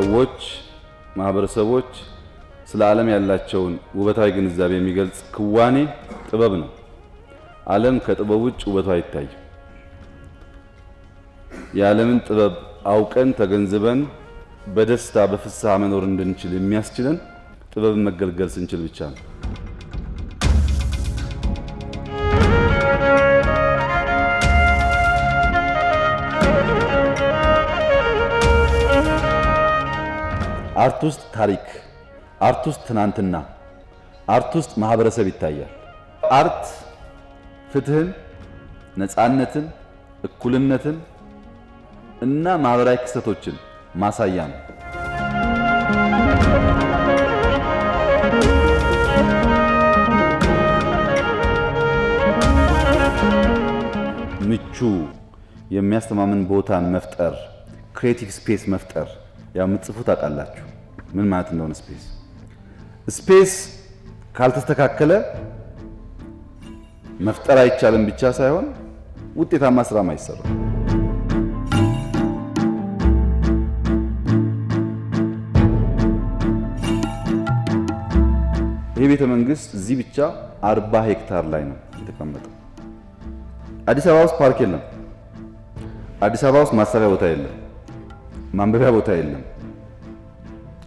ሰዎች፣ ማህበረሰቦች ስለ ዓለም ያላቸውን ውበታዊ ግንዛቤ የሚገልጽ ክዋኔ ጥበብ ነው። ዓለም ከጥበብ ውጭ ውበቷ አይታይም። የዓለምን ጥበብ አውቀን ተገንዝበን በደስታ በፍስሐ መኖር እንድንችል የሚያስችለን ጥበብን መገልገል ስንችል ብቻ ነው። አርት ውስጥ ታሪክ፣ አርት ውስጥ ትናንትና፣ አርት ውስጥ ማህበረሰብ ይታያል። አርት ፍትህን፣ ነፃነትን፣ እኩልነትን እና ማህበራዊ ክስተቶችን ማሳያ ነው። ምቹ የሚያስተማምን ቦታን መፍጠር፣ ክሬቲቭ ስፔስ መፍጠር ያው የምትጽፉ ታውቃላችሁ ምን ማለት እንደሆነ ስፔስ ስፔስ ካልተስተካከለ መፍጠር አይቻልም ብቻ ሳይሆን ውጤታማ ስራም አይሰራም። ይህ ቤተ መንግስት እዚህ ብቻ 40 ሄክታር ላይ ነው የተቀመጠው። አዲስ አበባ ውስጥ ፓርክ የለም። አዲስ አበባ ውስጥ ማሳቢያ ቦታ የለም። ማንበቢያ ቦታ የለም።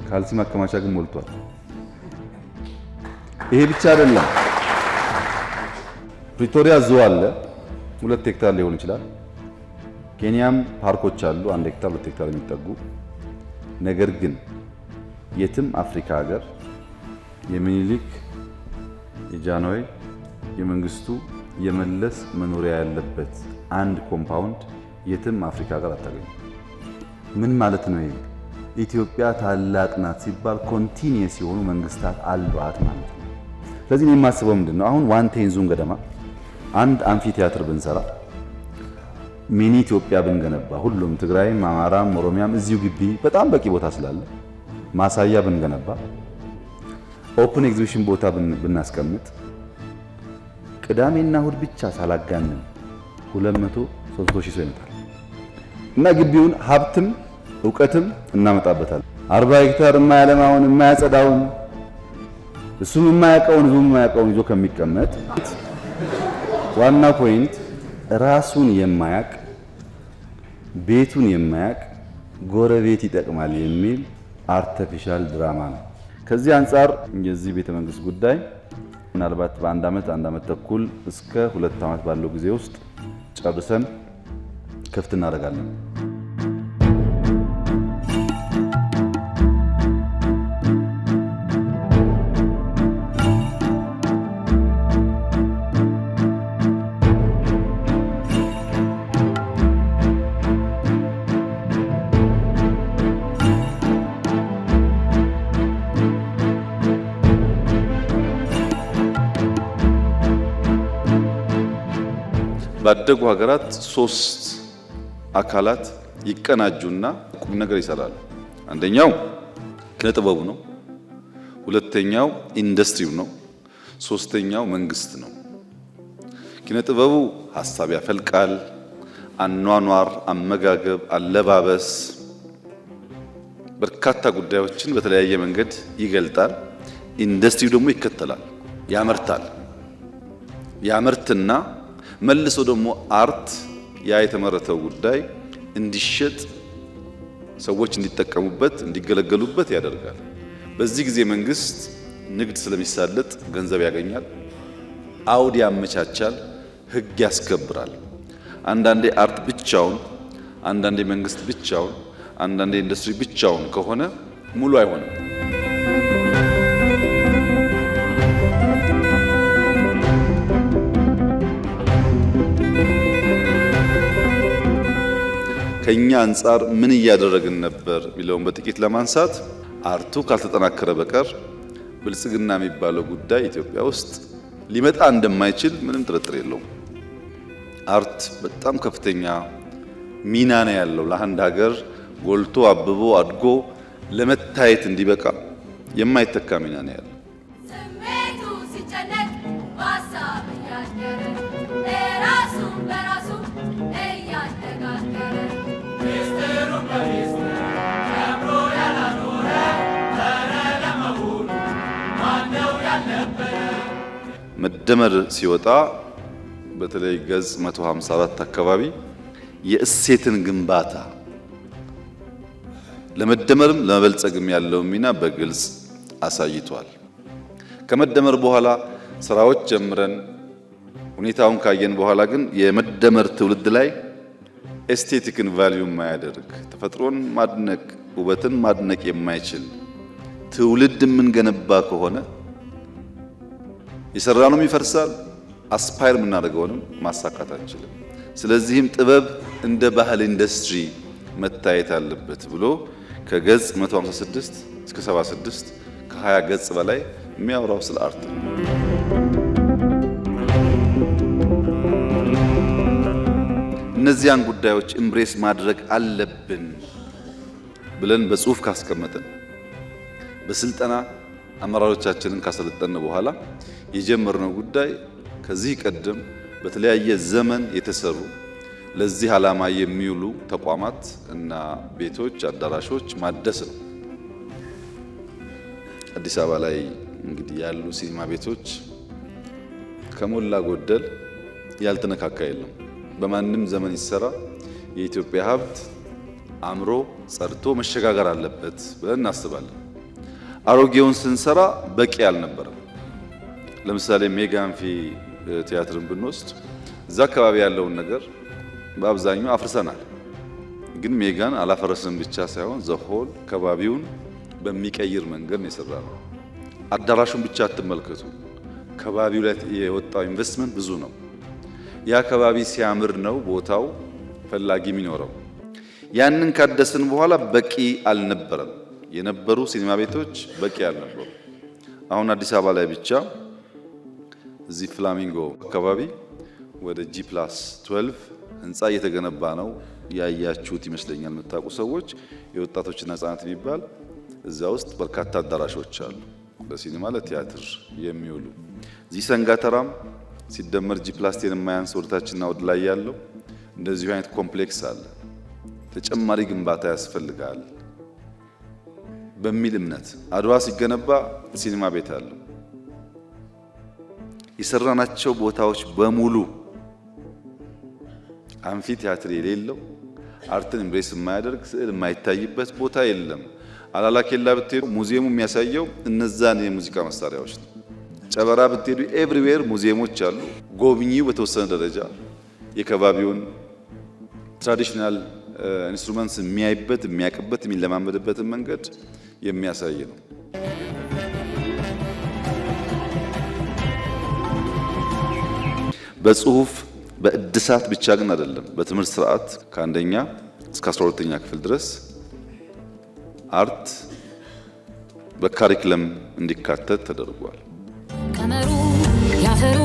ካልሲ ማከማቻ ግን ሞልቷል። ይሄ ብቻ አይደለም። ፕሪቶሪያ ዙ አለ፣ ሁለት ሄክታር ሊሆን ይችላል። ኬንያም ፓርኮች አሉ፣ አንድ ሄክታር ሁለት ሄክታር የሚጠጉ ነገር ግን የትም አፍሪካ ሀገር የሚኒሊክ የጃንሆይ የመንግስቱ የመለስ መኖሪያ ያለበት አንድ ኮምፓውንድ የትም አፍሪካ ሀገር አታገኙ። ምን ማለት ነው? ይሄ ኢትዮጵያ ታላቅ ናት ሲባል ኮንቲኒየስ የሆኑ መንግስታት አሏት ማለት ነው። ስለዚህ እኔ የማስበው ምንድን ነው አሁን ዋን ቴንዙን ገደማ አንድ አምፊ ቲያትር ብንሰራ ሚኒ ኢትዮጵያ ብንገነባ ሁሉም ትግራይም፣ አማራም፣ ኦሮሚያም እዚሁ ግቢ በጣም በቂ ቦታ ስላለ ማሳያ ብንገነባ ኦፕን ኤግዚቢሽን ቦታ ብናስቀምጥ ቅዳሜና እሁድ ብቻ ሳላጋንን 200 300 ሺህ ሰው ይመጣል እና ግቢውን ሀብትም እውቀትም እናመጣበታለን። አርባ ሄክታር የማያለማውን የማያጸዳውን እሱም የማያውቀውን ህዝቡም የማያውቀውን ይዞ ከሚቀመጥ ዋና ፖይንት ራሱን የማያቅ ቤቱን የማያቅ ጎረቤት ይጠቅማል የሚል አርተፊሻል ድራማ ነው። ከዚህ አንጻር የዚህ ቤተ መንግስት ጉዳይ ምናልባት በአንድ ዓመት አንድ ዓመት ተኩል እስከ ሁለት ዓመት ባለው ጊዜ ውስጥ ጨርሰን ክፍት እናደርጋለን። ባደጉ ሀገራት ሶስት አካላት ይቀናጁና ቁም ነገር ይሰራሉ። አንደኛው ኪነ ጥበቡ ነው፣ ሁለተኛው ኢንዱስትሪው ነው፣ ሶስተኛው መንግስት ነው። ኪነ ጥበቡ ሀሳብ ያፈልቃል። አኗኗር፣ አመጋገብ፣ አለባበስ በርካታ ጉዳዮችን በተለያየ መንገድ ይገልጣል። ኢንዱስትሪው ደግሞ ይከተላል፣ ያመርታል። ያመርትና መልሶ ደግሞ አርት ያ የተመረተው ጉዳይ እንዲሸጥ ሰዎች እንዲጠቀሙበት እንዲገለገሉበት ያደርጋል። በዚህ ጊዜ መንግስት ንግድ ስለሚሳለጥ ገንዘብ ያገኛል፣ አውድ ያመቻቻል፣ ህግ ያስከብራል። አንዳንዴ አርት ብቻውን፣ አንዳንዴ መንግስት ብቻውን፣ አንዳንዴ ኢንዱስትሪ ብቻውን ከሆነ ሙሉ አይሆንም። ከኛ አንጻር ምን እያደረግን ነበር የሚለውን በጥቂት ለማንሳት አርቱ ካልተጠናከረ በቀር ብልጽግና የሚባለው ጉዳይ ኢትዮጵያ ውስጥ ሊመጣ እንደማይችል ምንም ጥርጥር የለውም። አርት በጣም ከፍተኛ ሚና ነው ያለው ለአንድ ሀገር ጎልቶ አብቦ አድጎ ለመታየት እንዲበቃ የማይተካ ሚና ነው ያለው። መደመር ሲወጣ በተለይ ገጽ 154 አካባቢ የእሴትን ግንባታ ለመደመርም ለመበልጸግም ያለው ሚና በግልጽ አሳይቷል። ከመደመር በኋላ ስራዎች ጀምረን ሁኔታውን ካየን በኋላ ግን የመደመር ትውልድ ላይ ኤስቴቲክን ቫልዩ የማያደርግ ተፈጥሮን ማድነቅ ውበትን ማድነቅ የማይችል ትውልድ የምንገነባ ከሆነ የሰራነውም ይፈርሳል። አስፓየር የምናደርገውንም ማሳካት አንችልም። ስለዚህም ጥበብ እንደ ባህል ኢንዱስትሪ መታየት አለበት ብሎ ከገጽ 156 እስከ 76 ከ20 ገጽ በላይ የሚያወራው ስለ አርት ነው። እነዚያን ጉዳዮች ኢምብሬስ ማድረግ አለብን ብለን በጽሁፍ ካስቀመጥን በስልጠና አመራሮቻችንን ካሰለጠን በኋላ የጀመርነው ጉዳይ ከዚህ ቀደም በተለያየ ዘመን የተሰሩ ለዚህ ዓላማ የሚውሉ ተቋማት እና ቤቶች፣ አዳራሾች ማደስ ነው። አዲስ አበባ ላይ እንግዲህ ያሉ ሲኒማ ቤቶች ከሞላ ጎደል ያልተነካካ የለም። በማንም ዘመን ይሰራ የኢትዮጵያ ሀብት አምሮ ጸድቶ መሸጋገር አለበት ብለን እናስባለን። አሮጌውን ስንሰራ በቂ አልነበረም። ለምሳሌ ሜጋን አንፊ ቲያትርን ብንወስድ እዛ አካባቢ ያለውን ነገር በአብዛኛው አፍርሰናል። ግን ሜጋን አላፈረስንም ብቻ ሳይሆን ዘሆል ከባቢውን በሚቀይር መንገድ ነው የሰራ ነው። አዳራሹን ብቻ አትመልከቱ። ከባቢው ላይ የወጣው ኢንቨስትመንት ብዙ ነው። ያ ከባቢ ሲያምር ነው ቦታው ፈላጊ የሚኖረው። ያንን ካደስን በኋላ በቂ አልነበረም። የነበሩ ሲኒማ ቤቶች በቂ አልነበሩ። አሁን አዲስ አበባ ላይ ብቻ እዚህ ፍላሚንጎ አካባቢ ወደ ጂ ፕላስ 12 ህንፃ እየተገነባ ነው። ያያችሁት ይመስለኛል የምታውቁ ሰዎች። የወጣቶችና ህጻናት የሚባል እዚያ ውስጥ በርካታ አዳራሾች አሉ፣ ለሲኒማ ለቲያትር የሚውሉ እዚህ ሰንጋተራም ሲደመር ጂ ፕላስቴን የማያንስ ወደታችንና ወደ ላይ ያለው እንደዚሁ አይነት ኮምፕሌክስ አለ። ተጨማሪ ግንባታ ያስፈልጋል። በሚል እምነት አድዋ ሲገነባ ሲኒማ ቤት አለው። የሰራናቸው ቦታዎች በሙሉ አንፊ ቲያትር የሌለው አርትን ኢምብሬስ የማያደርግ ስዕል የማይታይበት ቦታ የለም። አላላ ኬላ ብትሄዱ ሙዚየሙ የሚያሳየው እነዛን የሙዚቃ መሳሪያዎች ነው። ጨበራ ብትሄዱ ኤቭሪዌር ሙዚየሞች አሉ። ጎብኚው በተወሰነ ደረጃ የከባቢውን ትራዲሽናል uh, ኢንስትሩመንትስ የሚያይበት የሚያቅበት የሚለማመድበትን መንገድ የሚያሳይ ነው። በጽሁፍ በእድሳት ብቻ ግን አይደለም። በትምህርት ስርዓት ከአንደኛ እስከ 12ኛ ክፍል ድረስ አርት በካሪክለም እንዲካተት ተደርጓል። ቀመሩ ያፈሩ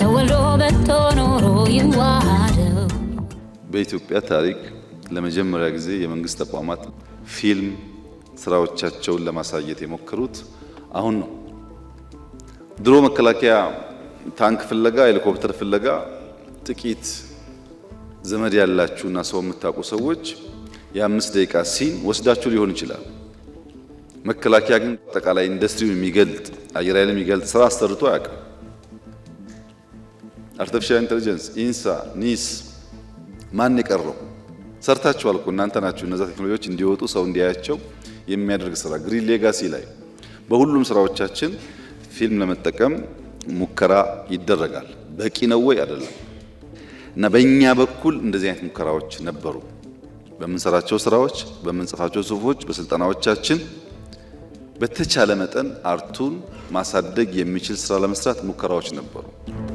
ሰው ወልዶ በቶ ኖሮ ይዋሃደው በኢትዮጵያ ታሪክ ለመጀመሪያ ጊዜ የመንግስት ተቋማት ፊልም ስራዎቻቸውን ለማሳየት የሞከሩት አሁን ነው። ድሮ መከላከያ ታንክ ፍለጋ፣ ሄሊኮፕተር ፍለጋ ጥቂት ዘመድ ያላችሁና ሰው የምታውቁ ሰዎች የአምስት ደቂቃ ሲን ወስዳችሁ ሊሆን ይችላል። መከላከያ ግን አጠቃላይ ኢንዱስትሪውን የሚገልጥ አየር ኃይል የሚገልጥ ስራ አሰርቶ አያውቅም። አርቲፊሻል ኢንቴሊጀንስ፣ ኢንሳ፣ ኒስ ማን የቀረው ሰርታችኋል እኮ እናንተ ናችሁ። እነዛ ቴክኖሎጂዎች እንዲወጡ ሰው እንዲያያቸው የሚያደርግ ስራ ግሪን ሌጋሲ ላይ በሁሉም ስራዎቻችን ፊልም ለመጠቀም ሙከራ ይደረጋል። በቂ ነው ወይ? አይደለም። እና በእኛ በኩል እንደዚህ አይነት ሙከራዎች ነበሩ። በምንሰራቸው ስራዎች፣ በምንጽፋቸው ጽሁፎች፣ በስልጠናዎቻችን በተቻለ መጠን አርቱን ማሳደግ የሚችል ስራ ለመስራት ሙከራዎች ነበሩ።